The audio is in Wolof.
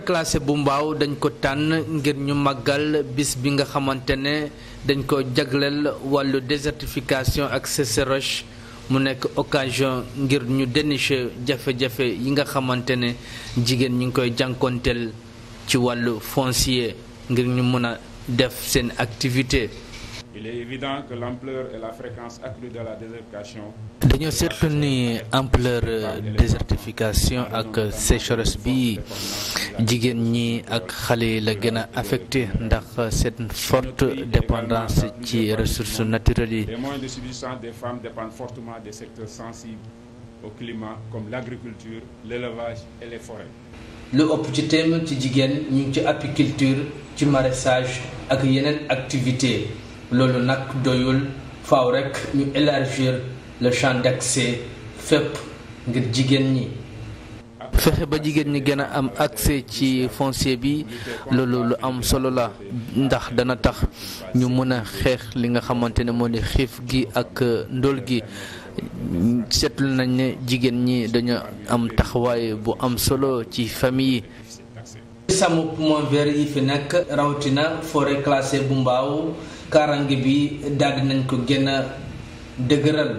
classé bu mbaaw dañ ko tànn ngir ñu màggal bis bi nga xamante ne dañ ko jagleel wàllu désertification ak sécheresse mu nekk occasion ngir ñu dénicher jafe-jafe yi nga xamante ne jigéen ñi ngi koy jànkoonteel ci wàllu foncier ngir ñu mën a def seen activité Il est évident que l'ampleur et la de la dañoo seetlu ni ampleur euh, désertification ak sécheresse bi jigéen ñi ak xale yi la gën a affecté ndax seen forte dépendance ci ressources naturelles yi. Les moyens de des femmes dépendent fortement des secteurs sensibles au climat comme l'agriculture, l'élevage et les lu ëpp ci téeméer ci jigéen ñu ngi ci apiculture ci maraîchage ak yeneen activité loolu nag doyul faw rekk ñu élargir le champ d'accès fépp ngir jigéen ñi. fexe ba jigéen ñi gën a am accès ci foncier bi loolu lu am solo la ndax dana tax ñu mën a xeex li nga xamante ne moo di xiif gi ak euh, ndóol gi seetlu nañ ne jigéen ñi dañu am taxawaay bu am solo ci famille yi. sàmm poumon vert yi fi nekk rawatina forêt classée bu mbaw kaarange bi daal nañ ko gën a dëgëral